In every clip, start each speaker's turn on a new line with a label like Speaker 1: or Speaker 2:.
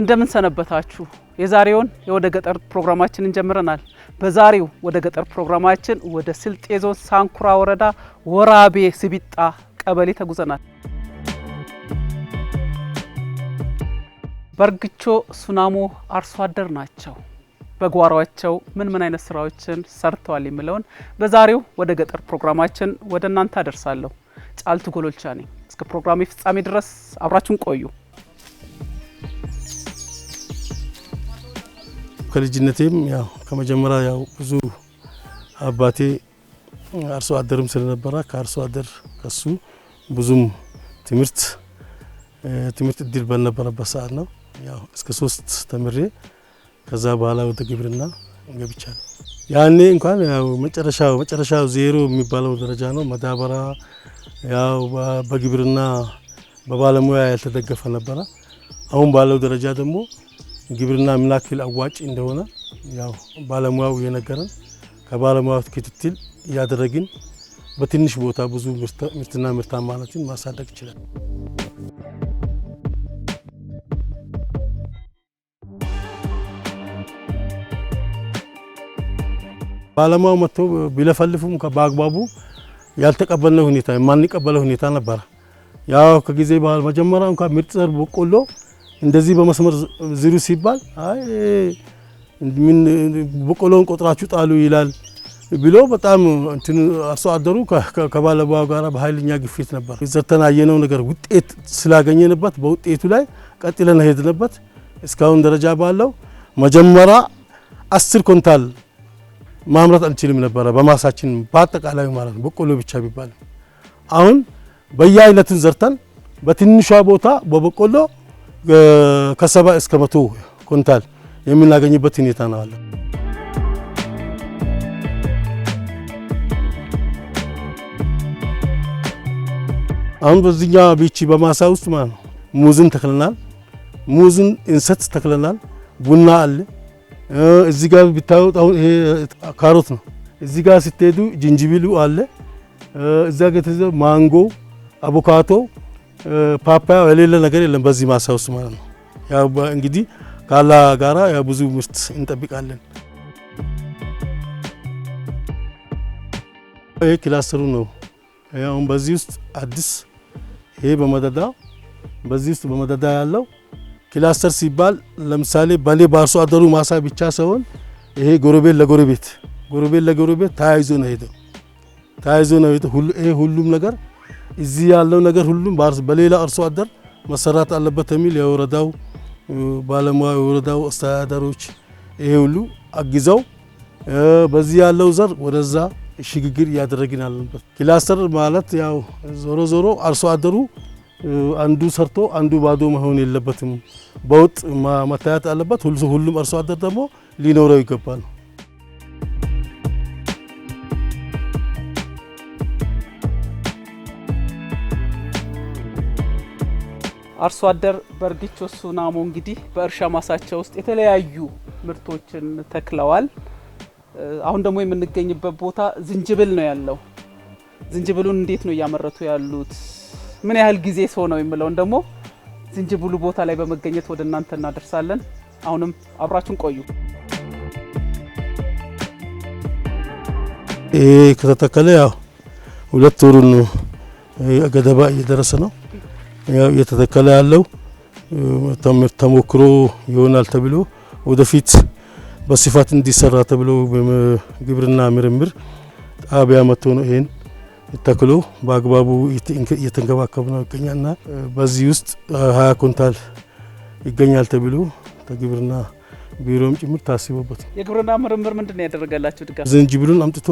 Speaker 1: እንደምን ሰነበታችሁ? የዛሬውን የወደ ገጠር ፕሮግራማችንን ጀምረናል። በዛሬው ወደ ገጠር ፕሮግራማችን ወደ ስልጤ ዞን ሳንኩራ ወረዳ ወራቤ ስቢጣ ቀበሌ ተጉዘናል። በርግቾ ሱናሞ አርሶ አደር ናቸው። በጓሯቸው ምን ምን አይነት ስራዎችን ሰርተዋል የሚለውን በዛሬው ወደ ገጠር ፕሮግራማችን ወደ እናንተ አደርሳለሁ። ጫልቱ ጎሎልቻ ነኝ። እስከ ፕሮግራሜ ፍጻሜ ድረስ አብራችሁን ቆዩ።
Speaker 2: ከልጅነቴም ያው ከመጀመሪያ ያው ብዙ አባቴ አርሶ አደርም ስለነበረ ከአርሶ አደር ከሱ ብዙም ትምህርት ትምህርት እድል ባልነበረበት ሰዓት ነው ያው እስከ ሶስት ተምሬ ከዛ በኋላ ወደ ግብርና ገብቻለሁ። ያኔ እንኳን ያው መጨረሻው መጨረሻው ዜሮ የሚባለው ደረጃ ነው። መዳበራ ያው በግብርና በባለሙያ ያልተደገፈ ነበረ። አሁን ባለው ደረጃ ደግሞ ግብርና ምን ያክል አዋጭ እንደሆነ ያው ባለሙያው የነገረን ከባለሙያው ክትትል እያደረግን በትንሽ ቦታ ብዙ ምርትና ምርታማነትን ማሳደግ ይችላል። ባለሙያው መጥቶ ቢለፈልፉም በአግባቡ ያልተቀበልነው ሁኔታ የማንቀበለው ሁኔታ ነበረ። ያው ከጊዜ በኋላ መጀመሪያ እንኳ ምርጥ ዘር በቆሎ እንደዚህ በመስመር ዝሩ ሲባል አይ ምን በቆሎን ቆጥራችሁ ጣሉ ይላል ብሎ በጣም እንትን አርሶ አደሩ ከባለ ጋር በኃይለኛ ግፊት ነበር። ዘርተን ያየነው ነገር ውጤት ስላገኘንበት በውጤቱ ላይ ቀጥለን ሄድንበት። እስካሁን ደረጃ ባለው መጀመሪያ አስር ኮንታል ማምረት አንችልም ነበረ በማሳችን በአጠቃላይ ማለት ነው በቆሎ ብቻ ቢባል አሁን በየአይነትን ዘርተን በትንሿ ቦታ በበቆሎ ከሰባ እስከ መቶ ኩንታል የምናገኝበት ሁኔታ ነው አለ። አሁን በዚኛ ቢቺ በማሳ ውስጥ ማለት ነው ሙዝን ተክለናል። ሙዝን እንሰት ተክለናል። ቡና አለ። እዚ ጋር ብታዩት አሁን ይሄ ካሮት ነው። እዚ ጋር ስትሄዱ ጅንጅቢሉ አለ። እዛ ጋር ማንጎ፣ አቮካቶ ፓፓ የሌለ ነገር የለም በዚህ ማሳ ውስጥ ማለት ነው። ያው እንግዲህ ካላ ጋራ ያው ብዙ ምርት እንጠብቃለን። ይሄ ክላስተሩ ነው። አሁን በዚህ ውስጥ አዲስ ይሄ በመደዳ በዚህ ውስጥ በመደዳ ያለው ክላስተር ሲባል ለምሳሌ ባሌ በአርሶ አደሩ ማሳ ብቻ ሳይሆን ይሄ ጎረቤት ለጎረቤት ጎረቤት ለጎረቤት ተያይዞ ነው ሄደው ተያይዞ ነው ሁሉም ነገር እዚህ ያለው ነገር ሁሉም በሌላ አርሶ አደር መሰራት አለበት የሚል የወረዳው ባለሙያ የወረዳው አስተዳደሮች ይሄ ሁሉ አግዘው በዚህ ያለው ዘር ወደዛ ሽግግር እያደረግን ያለንበት ክላስተር ማለት ያው ዞሮ ዞሮ አርሶ አደሩ አንዱ ሰርቶ አንዱ ባዶ መሆን የለበትም። በውጥ መታየት አለበት። ሁሉም አርሶ አደር ደግሞ ሊኖረው ይገባል።
Speaker 1: አርሶ አደር በርግቾ ሱናሞ እንግዲህ በእርሻ ማሳቸው ውስጥ የተለያዩ ምርቶችን ተክለዋል። አሁን ደግሞ የምንገኝበት ቦታ ዝንጅብል ነው ያለው። ዝንጅብሉን እንዴት ነው እያመረቱ ያሉት? ምን ያህል ጊዜ ሰው ነው የምለውን ደግሞ ዝንጅብሉ ቦታ ላይ በመገኘት ወደ እናንተ እናደርሳለን። አሁንም አብራችን ቆዩ።
Speaker 2: ይህ ከተተከለ ያው ሁለት ወሩን ገደባ እየደረሰ ነው እየተተከለ ያለው ተሞክሮ ይሆናል ተብሎ ወደፊት በስፋት እንዲሰራ ተብሎ ግብርና ምርምር ጣቢያ መጥቶ ነው ይሄን ተክሎ በአግባቡ እየተንከባከቡ ነው ይገኛልና በዚህ ውስጥ ሀያ ኩንታል ይገኛል ተብሎ ግብርና ቢሮም ጭምር ታስቦበት
Speaker 1: የግብርና ምርምር ምንድን ነው
Speaker 2: ድጋፍ? ዝንጅብሉን አምጥቶ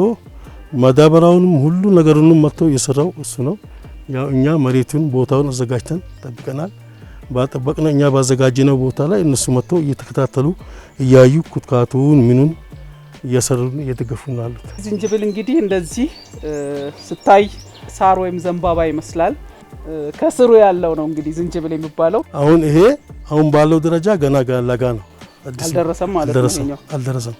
Speaker 2: ማዳበራውንም ሁሉ ነገሩንም መጥቶ እየሰራው እሱ ነው። ያው እኛ መሬቱን ቦታውን አዘጋጅተን ጠብቀናል። ባጠበቅነው እኛ ባዘጋጀነው ቦታ ላይ እነሱ መጥተው እየተከታተሉ እያዩ ኩትካቱን ምኑን እያሰሩን እየደገፉ ናሉት።
Speaker 1: ዝንጅብል እንግዲህ እንደዚህ ስታይ ሳር ወይም ዘንባባ ይመስላል። ከስሩ ያለው ነው እንግዲህ ዝንጅብል የሚባለው።
Speaker 2: አሁን ይሄ አሁን ባለው ደረጃ ገና ጋላጋ ነው፣ አልደረሰም ማለት ነው። አልደረሰም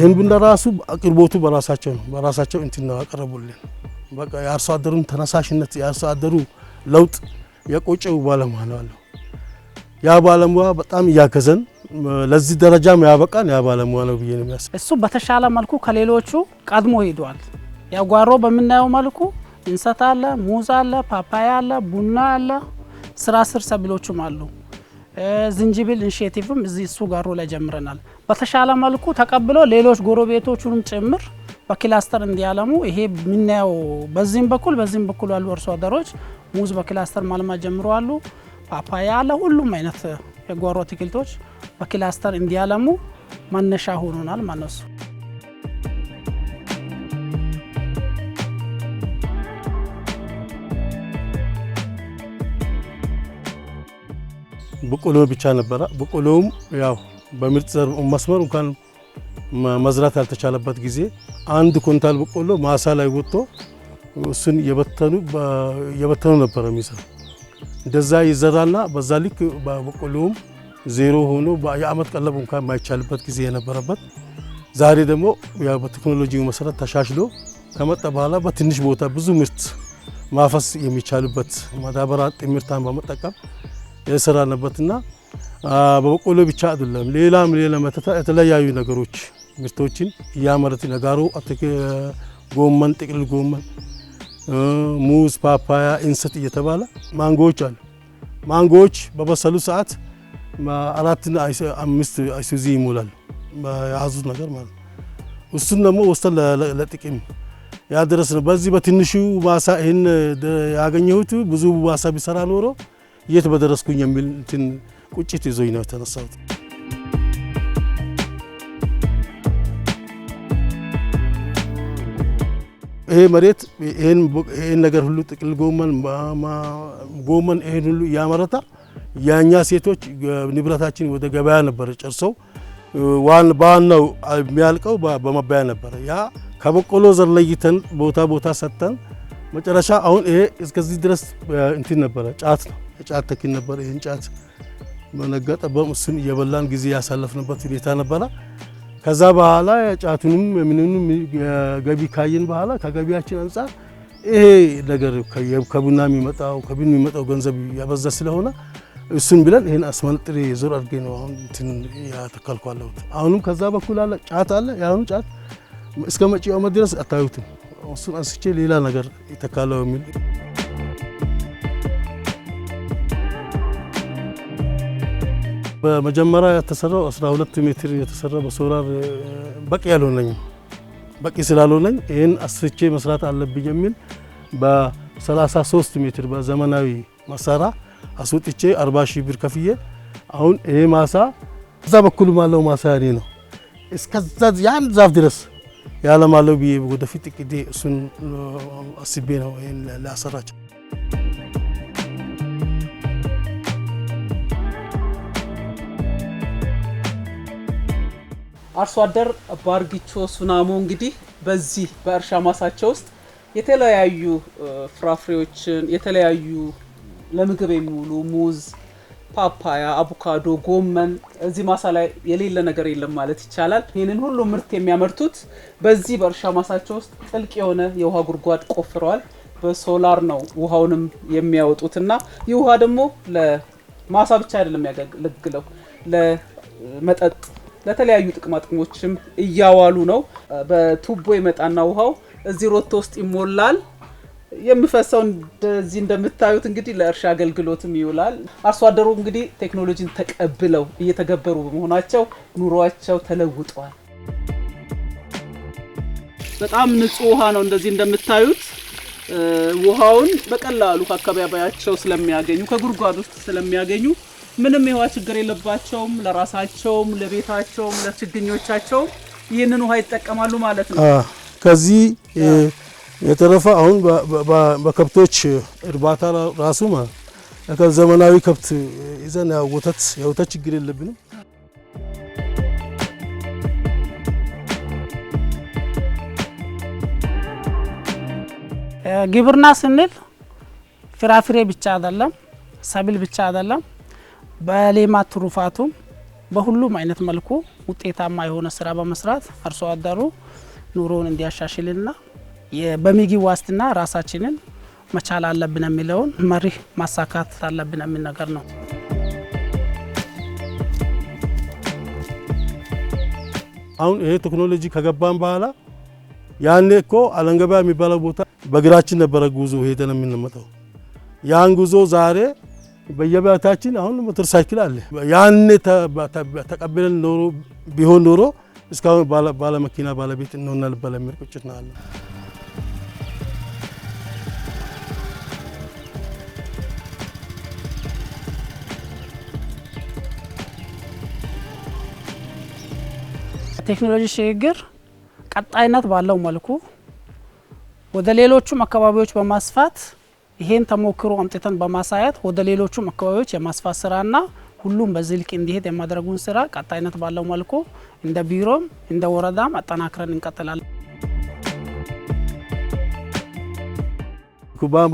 Speaker 2: ህንብ ብና ራሱ አቅርቦቱ በራሳቸው ነው በራሳቸው እንትን ነው ያቀረቡልን። በቃ የአርሶ አደሩን ተነሳሽነት የአርሶ አደሩ ለውጥ የቆጨው ባለሙያ ነው አለው። ያ ባለሙያ በጣም እያገዘን ለዚህ ደረጃም ያበቃን ያ ባለሙያ ነው ብዬ ነው የሚያስ
Speaker 3: እሱ በተሻለ መልኩ ከሌሎቹ ቀድሞ ሄዷል። ያው ጓሮ በምናየው መልኩ እንሰት አለ፣ ሙዝ አለ፣ ፓፓያ አለ፣ ቡና አለ፣ ስራ ስር ሰብሎችም አሉ። ዝንጅብል ኢኒሽቲቭም እዚህ እሱ ጋር ላይ ጀምረናል። በተሻለ መልኩ ተቀብሎ ሌሎች ጎረቤቶቹንም ጭምር በክላስተር እንዲያለሙ ይሄ የምናየው በዚህም በኩል በዚህም በኩል ያሉ አርሶ አደሮች ሙዝ በክላስተር ማልማት ጀምረዋሉ። ፓፓያ ያለ ሁሉም አይነት የጓሮ አትክልቶች በክላስተር እንዲያለሙ መነሻ ሆኖናል ማለት
Speaker 2: ነው። በቆሎ ብቻ ነበረ። በቆሎም ያው በምርጥ ዘር መስመር እንኳን መዝራት ያልተቻለበት ጊዜ አንድ ኮንታል በቆሎ ማሳ ላይ ወጥቶ እሱን የበተኑ ነበረ የሚሰሩ እንደዛ ይዘራና በዛ ልክ በቆሎም ዜሮ ሆኖ የአመት ቀለብ እንኳን የማይቻልበት ጊዜ የነበረበት ዛሬ ደግሞ በቴክኖሎጂ መሰረት ተሻሽሎ ከመጣ በኋላ በትንሽ ቦታ ብዙ ምርት ማፈስ የሚቻልበት ማዳበሪያ ጥምርታን በመጠቀም የሰራንበትና በበቆሎ ብቻ አይደለም፣ ሌላም ሌላ የተለያዩ ነገሮች ምርቶችን እያመረትን ጋሮ ጎመን፣ ጥቅል ጎመን፣ ሙዝ፣ ፓፓያ፣ እንሰት እየተባለ ማንጎዎች አሉ። ማንጎዎች በበሰሉ ሰዓት አራትና አምስት አይሱዚ ይሞላሉ የያዙት ነገር ማለት ነው። እሱን ደግሞ ወስደን ለጥቅም ያደረስነው በዚህ በትንሹ ማሳ ይህን ያገኘሁት ብዙ ማሳ ቢሰራ ኖሮ የት በደረስኩኝ የሚል እንትን ቁጭት ይዞኝ ነው የተነሳሁት። ይሄ መሬት ይሄን ነገር ሁሉ ጥቅል ጎመን፣ ጎመን ይሄን ሁሉ እያመረታ ያኛ ሴቶች ንብረታችን ወደ ገበያ ነበረ ጨርሰው በዋናው የሚያልቀው በመባያ ነበረ። ያ ከበቆሎ ዘር ለይተን ቦታ ቦታ ሰጥተን መጨረሻ አሁን ይሄ እስከዚህ ድረስ እንትን ነበረ ጫት ነው። ጫት ተኪን ነበር። ይህን ጫት መነገጠ በሙስም እየበላን ጊዜ ያሳለፍንበት ሁኔታ ነበረ። ከዛ በኋላ ጫቱንም ምንም ገቢ ካየን በኋላ ከገቢያችን አንጻር ይሄ ነገር ከቡና የሚመጣው ከቡና የሚመጣው ገንዘብ ያበዛ ስለሆነ እሱን ብለን ይሄን አስመንጥሬ ዞር አድርጌ ነው አሁን እንትን ያተከልኳለሁት። አሁንም ከዛ በኩል አለ ጫት አለ። የአሁኑ ጫት እስከ መጪው ዓመት ድረስ አታዩትም። እሱን አንስቼ ሌላ ነገር ይተካለው የሚል በመጀመሪያ የተሰራው 12 ሜትር የተሰራ በሶላር በቂ ያልሆነኝም በቂ ስላልሆነኝ ይህን አስቼ መስራት አለብኝ የሚል በ33 ሜትር በዘመናዊ መሳሪያ አስወጥቼ 40 ሺህ ብር ከፍዬ አሁን ይሄ ማሳ እዛ በኩል ማለው ማሳ ያኔ ነው። እስከዛ ያን ዛፍ ድረስ ያለማለው ብዬ ወደፊት እቅዴ እሱን አስቤ ነው ይህን ላሰራቸው አርሶ አደር
Speaker 1: ባርጊቾ ሱናሞ እንግዲህ በዚህ በእርሻ ማሳቸው ውስጥ የተለያዩ ፍራፍሬዎችን የተለያዩ ለምግብ የሚውሉ ሙዝ፣ ፓፓያ፣ አቮካዶ፣ ጎመን እዚህ ማሳ ላይ የሌለ ነገር የለም ማለት ይቻላል። ይህንን ሁሉ ምርት የሚያመርቱት በዚህ በእርሻ ማሳቸው ውስጥ ጥልቅ የሆነ የውሃ ጉድጓድ ቆፍረዋል። በሶላር ነው ውሃውንም የሚያወጡት እና ይህ ውሃ ደግሞ ለማሳ ብቻ አይደለም ያገለግለው ለመጠጥ ለተለያዩ ጥቅማ ጥቅሞችም እያዋሉ ነው። በቱቦ የመጣና ውሃው እዚህ ሮቶ ውስጥ ይሞላል። የሚፈሰው እንደዚህ እንደምታዩት እንግዲህ ለእርሻ አገልግሎትም ይውላል። አርሶ አደሩ እንግዲህ ቴክኖሎጂን ተቀብለው እየተገበሩ በመሆናቸው ኑሯቸው ተለውጧል። በጣም ንጹህ ውሃ ነው። እንደዚህ እንደምታዩት ውሃውን በቀላሉ ከአካባቢያቸው ስለሚያገኙ ከጉድጓድ ውስጥ ስለሚያገኙ ምንም የውሃ ችግር የለባቸውም። ለራሳቸውም፣ ለቤታቸውም፣ ለችግኞቻቸውም ይህንን ውሃ ይጠቀማሉ ማለት ነው።
Speaker 2: ከዚህ የተረፈ አሁን በከብቶች እርባታ ራሱ ዘመናዊ ከብት ይዘን ወተት የወተት ችግር የለብንም። ግብርና
Speaker 3: ስንል ፍራፍሬ ብቻ አይደለም፣ ሰብል ብቻ አይደለም በሌማት ትሩፋቱም በሁሉም አይነት መልኩ ውጤታማ የሆነ ስራ በመስራት አርሶ አደሩ ኑሮውን እንዲያሻሽልና በምግብ ዋስትና ራሳችንን መቻል አለብን የሚለውን መሪህ ማሳካት አለብን የሚል ነገር ነው።
Speaker 2: አሁን ይሄ ቴክኖሎጂ ከገባን በኋላ ያኔ እኮ አለንገበያ የሚባለው ቦታ በእግራችን ነበረ ጉዞ ሄደን የምንመጣው ያን ጉዞ ዛሬ በየቤታችን አሁን ሞተር ሳይክል አለ። ያኔ ተቀብለን ኖሮ ቢሆን ኖሮ እስካሁን ባለመኪና ባለቤት እንሆናል በለሚል ቁጭት ነው አለ።
Speaker 3: ቴክኖሎጂ ሽግግር ቀጣይነት ባለው መልኩ ወደ ሌሎቹም አካባቢዎች በማስፋት ይሄን ተሞክሮ አምጥተን በማሳየት ወደ ሌሎቹም አካባቢዎች የማስፋት ስራና ሁሉም በዚህ ልክ እንዲሄድ የማድረጉን ስራ ቀጣይነት ባለው መልኩ እንደ ቢሮም እንደ ወረዳም አጠናክረን እንቀጥላለን።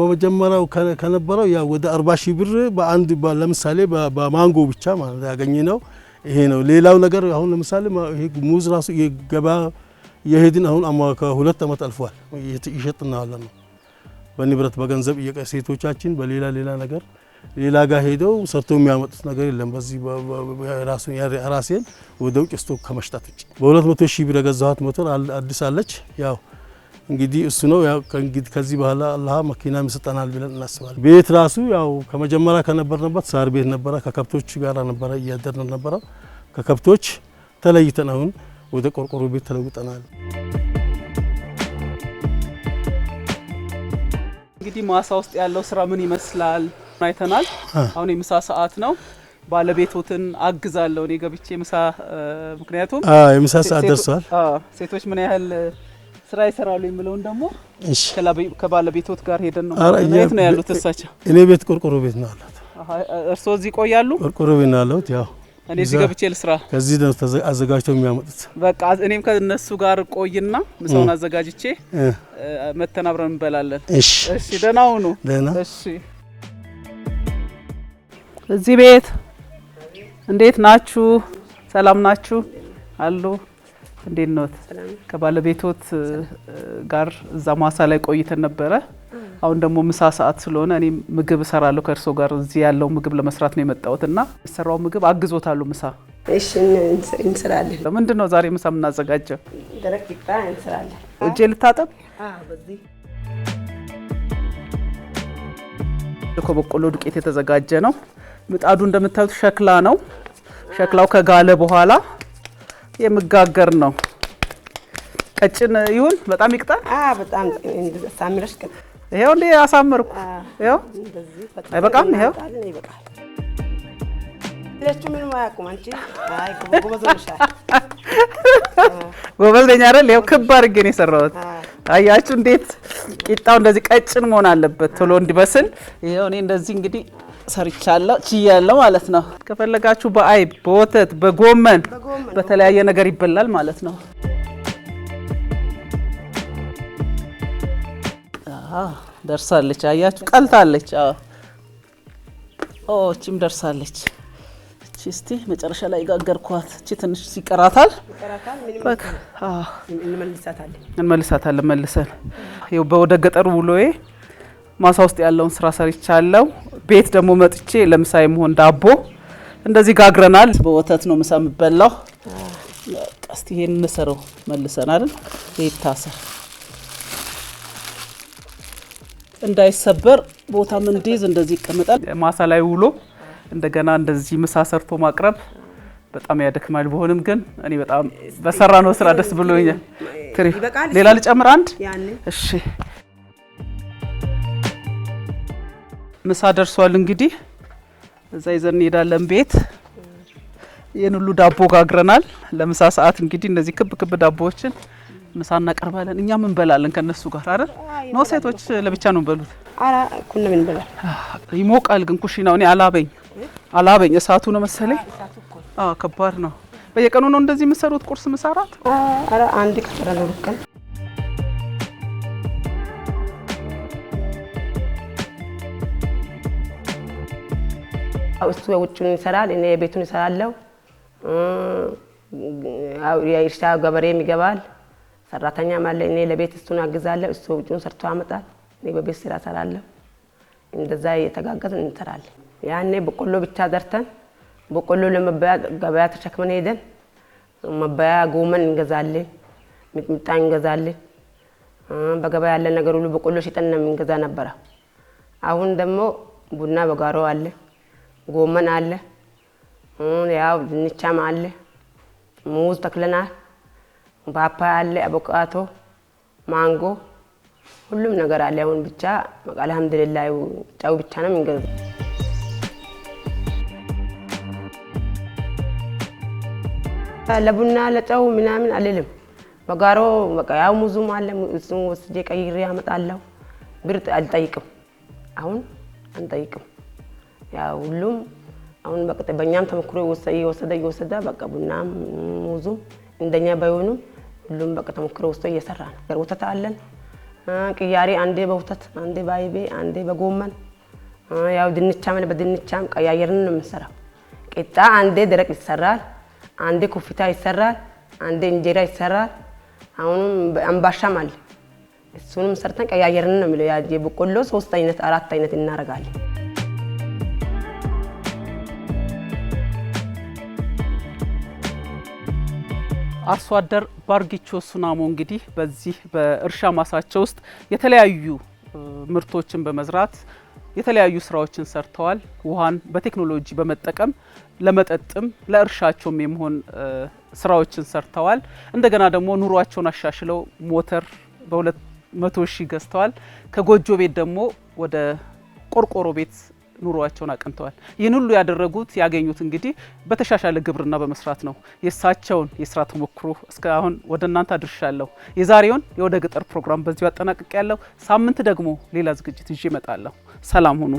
Speaker 2: በመጀመሪያው ከነበረው ያ ወደ 40 ሺህ ብር በአንድ ለምሳሌ በማንጎ ብቻ ማለት ያገኘ ነው። ይሄ ነው። ሌላው ነገር አሁን ለምሳሌ ሙዝ ራሱ ገባ የሄድን አሁን ከሁለት ዓመት አልፏል እየሸጥናዋለን ነው በንብረት በገንዘብ ሴቶቻችን በሌላ ሌላ ነገር ሌላ ጋር ሄደው ሰርቶ የሚያመጡት ነገር የለም። በዚህ ራሴን ወደ ውጭ ስቶ ከመሽጣት ውጭ በሁለት መቶ ሺህ ብር የገዛኋት ሞተር አዲስ አለች። ያው እንግዲህ እሱ ነው ያው ከዚህ በኋላ አላህ መኪና ይሰጠናል ብለን እናስባለን። ቤት ራሱ ያው ከመጀመሪያ ከነበርንበት ሳር ቤት ነበረ። ከከብቶች ጋር ነበረ እያደርን ነበረ። ከከብቶች ተለይተን አሁን ወደ ቆርቆሮ ቤት ተለውጠናል።
Speaker 1: እንግዲህ ማሳ ውስጥ ያለው ስራ ምን ይመስላል አይተናል። አሁን የምሳ ሰዓት ነው። ባለቤቶትን አግዛለሁ እኔ ገብቼ ምሳ፣ ምክንያቱም የምሳ ሰዓት ደርሷል። ሴቶች ምን ያህል ስራ ይሰራሉ የሚለውን ደግሞ ከባለቤቶት ጋር ሄደን ነው። የት ነው ያሉት እሳቸው? እኔ
Speaker 2: ቤት ቆርቆሮ ቤት ነው አላት። እርስዎ እዚህ ይቆያሉ? ቆርቆሮ ቤት ነው ያለሁት ያው እኔ እዚህ ገብቼ ልስራ። ከዚህ ነው አዘጋጅተው የሚያመጡት።
Speaker 1: በቃ እኔም ከነሱ ጋር ቆይና ምሳውን አዘጋጅቼ መተን አብረን እንበላለን። እሺ፣ እሺ፣ ደህና ሁኑ። ደህና። እሺ፣ እዚህ ቤት እንዴት ናችሁ? ሰላም ናችሁ አሉ። እንዴት ኖት? ከባለቤቶት ጋር እዛ ማሳ ላይ ቆይተን ነበረ። አሁን ደግሞ ምሳ ሰዓት ስለሆነ እኔ ምግብ እሰራለሁ ከእርሶ ጋር እዚህ ያለው ምግብ ለመስራት ነው የመጣሁት እና የሰራው ምግብ አግዞታሉ ምሳ እንስራለን። ምንድን ነው ዛሬ ምሳ የምናዘጋጀው?
Speaker 4: ደረቅ ቂጣ እንስራለን።
Speaker 1: እጄ ልታጠብ ከበቆሎ ዱቄት የተዘጋጀ ነው። ምጣዱ እንደምታዩት ሸክላ ነው። ሸክላው ከጋለ በኋላ የምጋገር ነው። ቀጭን ይሁን በጣም ይቅጣል። በጣም ሳሚረሽ ይሄው እንዴ አሳመርኩ። ይሄው አይበቃም? ይሄው ጎበዝ ነኝ አይደል? ይሄው ክብ አድርጌ ነው የሰራሁት። አያችሁ እንዴት ቂጣው እንደዚህ ቀጭን መሆን አለበት ቶሎ እንዲበስል። ይሄው እኔ እንደዚህ እንግዲህ ሰርቻለሁ ችያለሁ ማለት ነው። ከፈለጋችሁ በአይብ፣ በወተት፣ በጎመን በተለያየ ነገር ይበላል ማለት ነው። ደርሳለች። አያችሁ ቀልታለች። እችም ደርሳለች። እቺ እስቲ መጨረሻ ላይ የጋገርኳት እቺ ትንሽ ይቀራታል፣ እንመልሳታለን መልሰን። ይኸው በወደ ገጠር ውሎዬ ማሳ ውስጥ ያለውን ስራ ሰርቻለሁ። ቤት ደግሞ መጥቼ ለምሳ የሚሆን ዳቦ እንደዚህ ጋግረናል። በወተት ነው ምሳ የምበላው። ይሄን እንሰረው መልሰን አይደል ይታሰር እንዳይሰበር ቦታም እንዲይዝ እንደዚህ ይቀመጣል። ማሳ ላይ ውሎ እንደገና እንደዚህ ምሳ ሰርቶ ማቅረብ በጣም ያደክማል። በሆንም ግን እኔ በጣም በሰራ ነው ስራ ደስ ብሎኛል። ሌላ ልጨምር አንድ እሺ። ምሳ ደርሷል እንግዲህ እዛ ይዘን እንሄዳለን ቤት። ይህን ሁሉ ዳቦ ጋግረናል ለምሳ ሰዓት። እንግዲህ እነዚህ ክብ ክብ ዳቦዎችን ምሳ እናቀርባለን። እኛም እንበላለን ከነሱ ጋር አይደል ነው። ሴቶች ለብቻ ነው በሉት። ይሞቃል ግን ኩሽናው እኔ አላበኝ አላበኝ እሳቱ ነው መሰለኝ። ከባድ ነው። በየቀኑ ነው እንደዚህ የምሰሩት ቁርስ፣ ምሳ፣ እራት?
Speaker 4: አንድ ከተራ ነው ልከን እሱ የውጭን ይሰራል፣ እኔ የቤቱን ይሰራለሁ። የእርሻ ገበሬም ይገባል ሰራተኛ ማለ እኔ ለቤት እሱን አግዛለሁ፣ እሱ ውጭን ሰርቶ ያመጣል፣ እኔ በቤት ስራ ሰራለሁ። እንደዛ እየተጋገዝ እንሰራለን። ያኔ በቆሎ ብቻ ዘርተን በቆሎ ለመበያ ገበያ ተሸክመን ሄደን መበያ ጎመን እንገዛለን፣ ሚጥሚጣ እንገዛለን። በገበያ ያለ ነገር ሁሉ በቆሎ ሽጠን ነው የምንገዛ ነበረ። አሁን ደግሞ ቡና በጋሮ አለ፣ ጎመን አለ፣ ያው ድንቻም አለ፣ ሙዝ ተክለናል። ፓፓያ አለ፣ አቮካዶ፣ ማንጎ ሁሉም ነገር አለ። አሁን ብቻ አልሐምዱሊላ ጨው ብቻ ነው የምንገዛው። ለቡና ለጨው ምናምን አልልም። በጋሮ በቃ ያው ሙዙም አለ እሱም ወስጄ ቀይሬ አመጣለሁ። ብርጥ አልጠይቅም፣ አሁን አንጠይቅም። ያው ሁሉም አሁን በቃ በእኛም ተሞክሮ እየወሰደ እየወሰደ በቃ ቡናም ሙዙም እንደኛ ባይሆኑም ሁሉም በቃ ተሞክሮ ውስጥ እየሰራ ነው። ወተት አለን ቅያሬ፣ አንዴ በወተት አንዴ በአይቤ አንዴ በጎመን ያው ድንቻም በድንቻም ቀያየርን ነው የምንሰራው። ቂጣ አንዴ ደረቅ ይሰራል፣ አንዴ ኩፊታ ይሰራል፣ አንዴ እንጀራ ይሰራል። አሁንም አምባሻም አለ። እሱንም ሰርተን ቀያየርን ነው የሚለው። የበቆሎ ሶስት አይነት አራት አይነት እናደርጋለን። አርሶ
Speaker 1: አደር ባርጊቾ ሱናሞ እንግዲህ በዚህ በእርሻ ማሳቸው ውስጥ የተለያዩ ምርቶችን በመዝራት የተለያዩ ስራዎችን ሰርተዋል። ውሃን በቴክኖሎጂ በመጠቀም ለመጠጥም ለእርሻቸውም የሚሆን ስራዎችን ሰርተዋል። እንደገና ደግሞ ኑሯቸውን አሻሽለው ሞተር በ200 ሺህ ገዝተዋል። ከጎጆ ቤት ደግሞ ወደ ቆርቆሮ ቤት ኑሯቸውን አቅንተዋል። ይህን ሁሉ ያደረጉት ያገኙት እንግዲህ በተሻሻለ ግብርና በመስራት ነው። የእሳቸውን የስራ ተሞክሮ እስከ አሁን ወደ እናንተ አድርሻለሁ። የዛሬውን የወደ ገጠር ፕሮግራም በዚሁ አጠናቅቄ ያለው ሳምንት ደግሞ ሌላ ዝግጅት ይዤ እመጣለሁ። ሰላም ሁኑ።